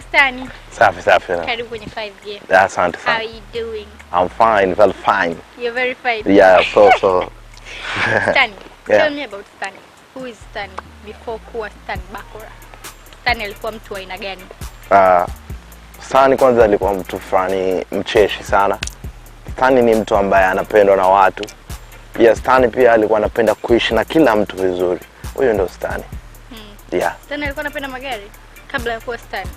bustani. Safi safi. Karibu kwenye 5G. Asante sana. How are you doing? I'm fine, well fine. You're very fine. Yeah, so so. Stani. Yeah. Tell me about Stani. Who is Stani before kuwa Stani Bakora? Stani alikuwa mtu wa aina gani? Ah, uh, Stani kwanza alikuwa mtu fulani mcheshi sana. Stani ni mtu ambaye anapendwa na watu. Pia Stani pia alikuwa anapenda kuishi na kila mtu vizuri. Huyo ndio Stani. Hmm. Yeah. Stani alikuwa anapenda magari kabla ya kuwa Stani.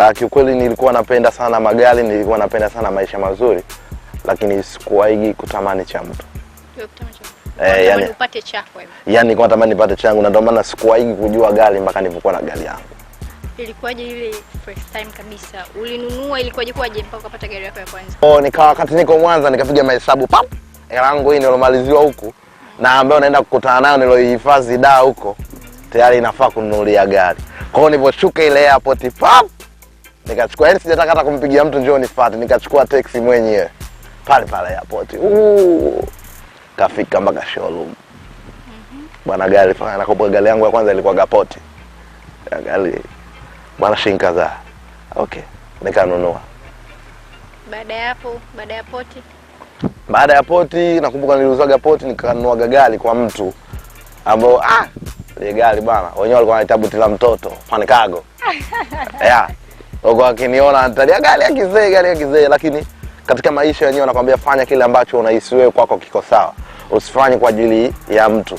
Ah, Kiukweli nilikuwa napenda sana magari, nilikuwa napenda sana maisha mazuri, lakini sikuwaigi kutamani cha mtu eh, yani, upate chako hivi. Yani kwa tamani nipate changu na ndio maana sikuwaigi kujua gari mpaka nilipokuwa na gari yangu. Ilikuwaje ile first time kabisa? Ulinunua ilikuwaje kwaje mpaka ukapata gari yako ya kwanza? Oh, nikawa wakati niko Mwanza nikapiga mahesabu pap. Hela yangu hii nilomaliziwa huku na ambayo naenda kukutana nayo niloihifadhi da huko tayari inafaa kununulia gari. Kwa hiyo niliposhuka ile airport pap nikachukua, yani sijataka hata kumpigia mtu njoo nifuate, nikachukua teksi mwenyewe pale pale airport. kafika mpaka showroom mhm. bwana, gari nakumbuka, gari yangu ya kwanza ilikuwa gapoti gari bwana, shilingi kadhaa. Okay, nikanunua. Baada ya hapo, baada ya poti, baada ya poti, nakumbuka niliuza gapoti, nikanunua gari kwa mtu ambao ah, ile gari bwana, wenyewe walikuwa wanahitaji buti la mtoto Fanikago. yeah wako akiniona anatalia gari ya kizee, gari ya kizee, lakini katika maisha yenyewe anakwambia fanya kile ambacho unahisi wewe kwako kiko sawa, usifanye kwa ajili ya mtu.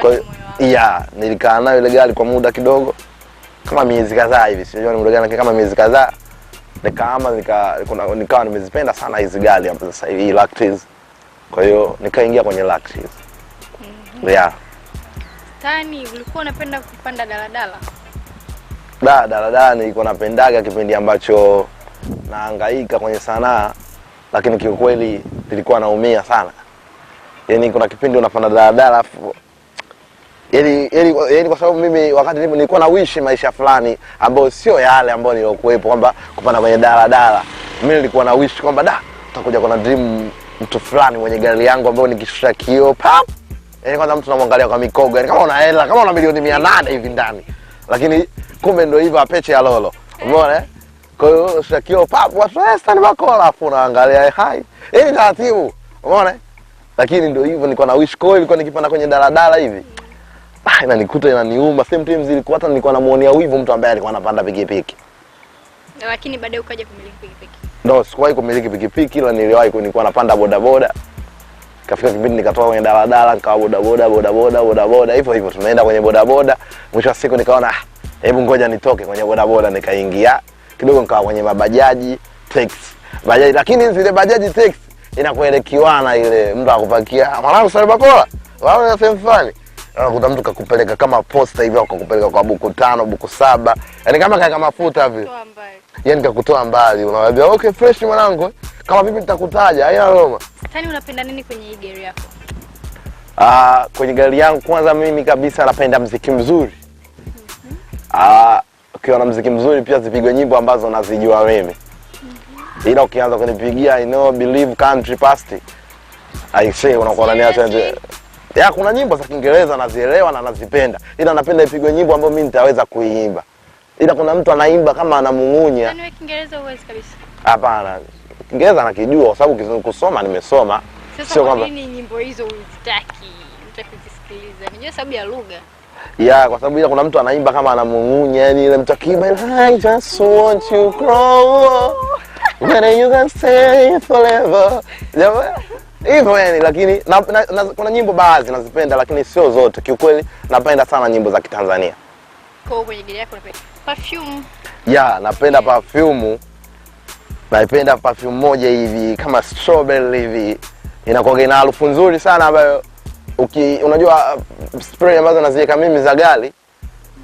Kwa ya nilikaa nayo ile gari kwa muda kidogo, kama miezi kadhaa hivi, sijui ni muda gani, kama miezi kadhaa nikaama, nika kuna nikawa nimezipenda sana hizi gari ambazo sasa hivi Lactis. Kwa hiyo nikaingia kwenye Lactis. Mm -hmm. Yeah. Tani, ulikuwa unapenda kupanda daladala? Da, daladala nilikuwa napendaga kipindi ambacho naangaika kwenye sanaa, lakini kiukweli nilikuwa naumia sana. Yaani kuna kipindi unapanda daladala afu yaani, yaani yaani, kwa sababu mimi wakati nilikuwa na wishi maisha fulani ambayo sio yale ambayo niliokuwepo, kwamba kupanda kwenye daladala, mimi nilikuwa na wishi kwamba da utakuja kuna dream mtu fulani mwenye gari yangu ambayo nikishusha kioo pap, yaani kwanza mtu namwangalia kwa mikogo, yaani kama una hela, kama una milioni mia hivi ndani lakini kumbe ndo hivyo apeche ya lolo, umeona eh? Kwa hiyo shakio papo wa waswesta ni makola, afu naangalia eh, hai hii taratibu, umeona eh? Lakini ndo hivyo nilikuwa na wish call, nilikuwa nikipanda kwenye daladala hivi ah, inanikuta inaniuma. same time zilikuwa hata nilikuwa namuonea wivu mtu ambaye alikuwa anapanda pikipiki, lakini baadaye ukaja kumiliki pikipiki. Ndio, sikuwahi kumiliki pikipiki, ila niliwahi, kunikuwa napanda bodaboda boda. Kafika kipindi nikatoka kwenye daladala nikawa bodaboda bodaboda bodaboda hivyo hivyo, tunaenda kwenye bodaboda. Mwisho wa siku nikaona ah, hebu ngoja nitoke kwenye bodaboda, nikaingia kidogo nikawa kwenye mabajaji teksi bajaji. Lakini zile bajaji teksi inakuelekiwana ile mtu akupakia mwanangu, sali bakola sehemu fulani, unakuta mtu kakupeleka kama posta hivyo kakupeleka kwa buku tano buku saba, yani kama kaeka mafuta hivi, yani kakutoa mbali, unawambia okay fresh mwanangu, kama vipi nitakutaja haina Roma Tani, unapenda nini kwenye hii gari yako? Ah, kwenye gari yangu kwanza mimi kabisa napenda mziki mzuri. Mhm. Ah, ukiona mziki mzuri pia zipigwe nyimbo ambazo nazijua mimi. Mhm. Ila ukianza kunipigia I know believe country past I say unakuwa unaniacha nje. Ya kuna nyimbo za Kiingereza nazielewa na nazipenda. Ila napenda ipigwe nyimbo ambayo mimi nitaweza kuiimba. Ila kuna mtu anaimba kama anamung'unya. Yaani Kiingereza huwezi kabisa. Hapana. Kiingereza nakijua kwa sababu kusoma nimesoma. Sio kwamba nyimbo hizo unzitaki, Unataka kusikiliza? Ni sababu ya lugha. Ya, kwa sababu ila kuna mtu anaimba kama anamung'unya, yani ile mtu akiimba I just want you grow When you can stay forever. Hivyo yani, lakini na, na, na, kuna nyimbo baadhi nazipenda lakini sio zote. Kiukweli napenda sana nyimbo za Kitanzania. Kwa hiyo kwenye gari yako unapenda perfume? Ya, napenda yeah, perfume naipenda perfume moja hivi kama strawberry hivi, inakuwa ina harufu nzuri sana ambayo uki, unajua uh, spray ambazo naziweka mimi za gari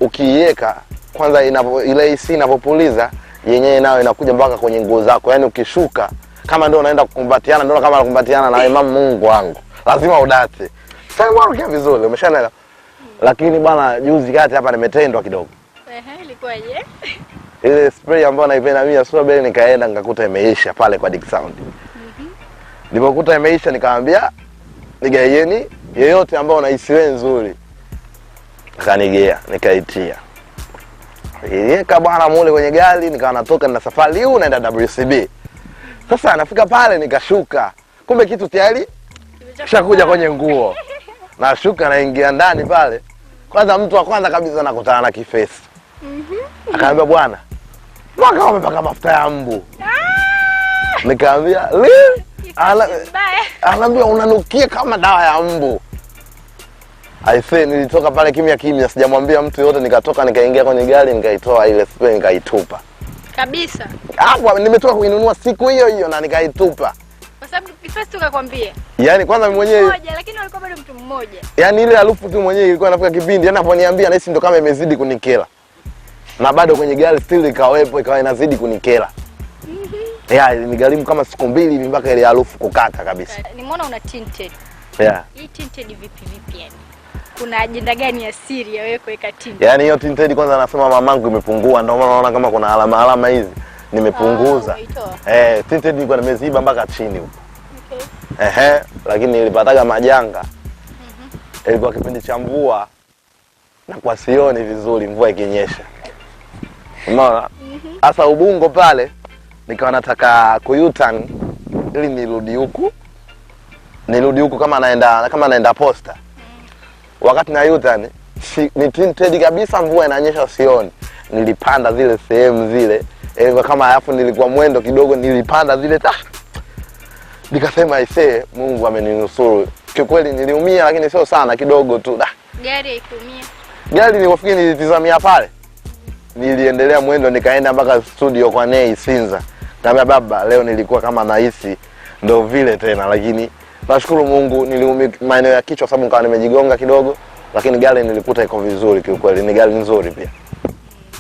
ukiiweka kwanza inapo, ile AC inapopuliza yenyewe nayo inakuja mpaka kwenye nguo zako, yani ukishuka kama ndio unaenda kukumbatiana, ndio kama unakumbatiana na Imam, Mungu wangu, lazima udate sasa vizuri, umeshaelewa Lakini bwana, juzi kati hapa nimetendwa kidogo. Ehe, ilikuwa je ile spray ambayo naipenda mimi ya strawberry, nikaenda nikakuta imeisha pale kwa Dick Sound. Nilipokuta imeisha nikamwambia nigaeni yeyote ambao unahisi wewe nzuri. Akanigea, nikaitia. Niweka bwana mule kwenye gari, nikawa natoka na safari huu naenda WCB. Sasa nafika pale nikashuka. Kumbe kitu tayari kishakuja kwenye nguo. Nashuka naingia ndani pale. Kwanza mtu wa kwanza kabisa nakutana na kifesi. Mhm. Mm Akaambia bwana, mpaka wamepaka mafuta ya mbu. Ah! Nikaambia anaambia unanukia kama dawa ya mbu. Aisee, nilitoka pale kimya kimya, sijamwambia mtu yote. Nikatoka nikaingia kwenye gari, nikaitoa ile spray, nikaitupa kabisa. Hapo ah, nimetoka kuinunua siku hiyo hiyo na nikaitupa kwa sababu first ukakwambia, yani kwanza mimi mwenyewe mmoja, lakini walikuwa bado mtu mmoja. Yani ile harufu tu mwenyewe ilikuwa inafika kipindi, yani anaponiambia nahisi ndo kama imezidi kunikela na bado kwenye gari still ikawepo, ikawa inazidi kunikera ya -hmm. Yeah, nigharimu kama siku mbili hivi mpaka ile harufu kukata kabisa. Uh, nimeona una tinted. Yeah. Hii tinted vipi vipi yani? Kuna ajenda gani ya siri ya wewe kuweka tinted? Yaani hiyo tinted kwanza nasema mamangu imepungua ndio maana naona kama kuna alama alama hizi nimepunguza. Ah, eh, tinted nilikuwa nimeziba mpaka chini huko. Okay. Ehe, lakini nilipataga majanga. Mhm. Mm ilikuwa kipindi cha mvua na kwa sioni vizuri mvua ikinyesha umeona mhm. hasa Ubungo pale, nikawa nataka kuyutan ili nirudi huku nirudi huku kama naenda kama naenda posta. Mhm. Wakati na yutan si, ni kabisa, mvua inanyesha sioni, nilipanda zile sehemu zile e, kama alafu nilikuwa mwendo kidogo, nilipanda zile ta ah! nikasema aisee, Mungu ameninusuru kiukweli. Niliumia lakini sio sana, kidogo tu da. Gari haikuumia. Gari nilipofikia nilitizamia pale niliendelea mwendo nikaenda mpaka studio kwa Nei Sinza, kaambia baba, leo nilikuwa kama nahisi ndo vile tena, lakini nashukuru Mungu niliumi maeneo ya kichwa sababu nikawa nimejigonga kidogo, lakini gari nilikuta iko vizuri kiukweli, ni gari nzuri pia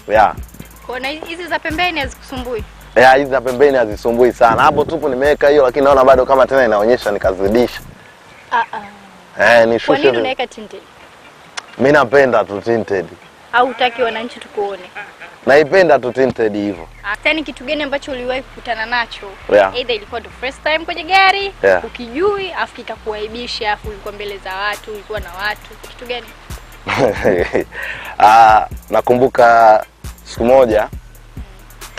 yeah. Kona hizi za pembeni hazikusumbui? Yeah, hizi za pembeni hazisumbui sana. Hapo tupo nimeweka hiyo, lakini naona bado kama tena inaonyesha nikazidisha. Ah uh ah. -uh. Eh, ni nishushe. Kwa nini unaweka tinted? Mimi napenda tu tinted au hutaki wananchi tukuone? Naipenda tu tinted hivyo. Ah, tani, kitu gani ambacho uliwahi kukutana nacho yeah? Either ilikuwa the first time kwenye gari yeah, ukijui afu kikakuaibisha afu ulikuwa mbele za watu, ulikuwa na watu, kitu gani? Ah, nakumbuka siku moja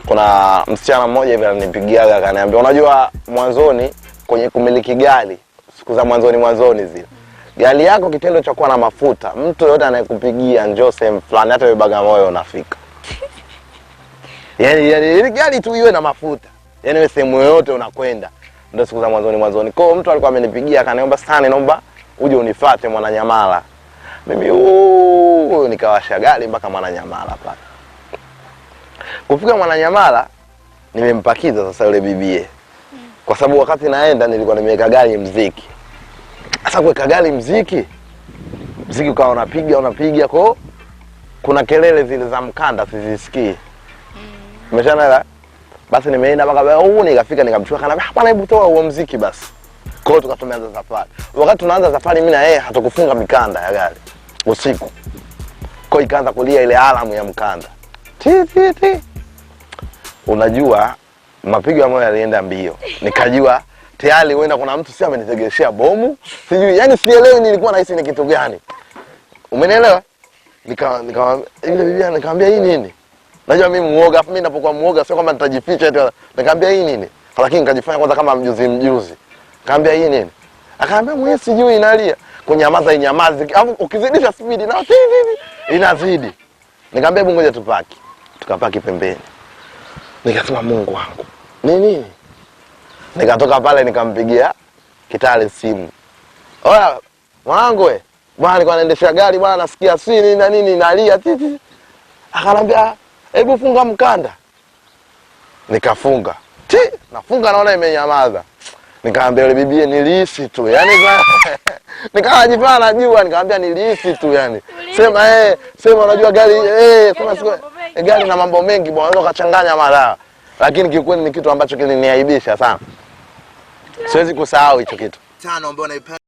kuna msichana mmoja hivi ananipigiaga akaniambia, unajua mwanzoni kwenye kumiliki gari, siku za mwanzoni mwanzoni zile gari yako, kitendo cha kuwa na mafuta, mtu yoyote anayekupigia njoo sehemu fulani, hata wewe Bagamoyo unafika. Yani, yani ile yaani gari tu iwe na mafuta, yani wewe sehemu yoyote unakwenda. Ndio siku za mwanzoni mwanzoni, kwa mtu alikuwa amenipigia akaniomba sana, naomba uje unifuate Mwananyamala. Mimi oo, nikawasha gari mpaka Mwananyamala pale. Kufika Mwananyamala nimempakiza sasa yule bibie, kwa sababu wakati naenda nilikuwa nimeweka gari mziki sasa kuweka gari mziki mziki ukawa unapiga unapiga kwao, kuna kelele zile za mkanda sizisikii. Mm. Umeshanala? Basi nimeenda mpaka huu nikafika, nikamchukua kana ah, hapana, hebu toa huo mziki basi. Kwao tukatumeanza safari. Wakati tunaanza safari, mimi na yeye hatukufunga mikanda ya gari usiku. Kwao ikaanza kulia ile alamu ya mkanda ti ti ti, unajua mapigo ya moyo yalienda mbio, nikajua tayari huenda kuna mtu sio amenitegeshea bomu sijui, yani sielewi nilikuwa nahisi ni kitu gani, umenielewa? Nikamwambia nika, nika, bibi nikamwambia hii nini? Najua mimi muoga, afu mimi ninapokuwa muoga sio kwamba nitajificha eti. Nikamwambia hii nini? Lakini nikajifanya kwanza kama mjuzi mjuzi. Nikamwambia hii nini? Akaambia mwenye sijui inalia. Kunyamaza inyamazi. Alafu ukizidisha speed na hivi hivi inazidi. Nikamwambia hebu ngoja tupaki. Tukapaki pembeni. Nikasema Mungu wangu. Nini? Nikatoka pale nikampigia Kitale simu, oya mwanangu, we bwana, alikuwa anaendesha gari bwana, nasikia si nini na nini nalia titi. Akanambia hebu funga mkanda, nikafunga ti, nafunga naona imenyamaza, nikaambia yule bibie nilihisi tu yani nikawa najipaa najua, nikamwambia nilihisi tu yani sema eh, sema unajua gari eh, sema siku gari na mambo mengi bwana, unaweza kuchanganya mara, lakini kikweli ni kitu ambacho kiliniaibisha sana siwezi kusahau hicho kitu. Tano ambayo naipenda